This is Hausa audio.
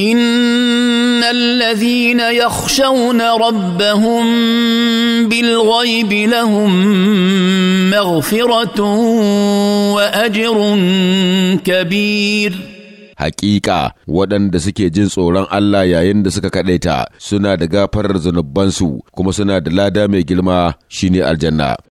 ان الذين يخشون ربهم بالغيب لهم مغفره واجر كبير Hakika waɗanda suke jin tsoron Allah yayin da suka kaɗaita suna da gafarar zunubansu kuma suna da lada mai girma shine aljanna.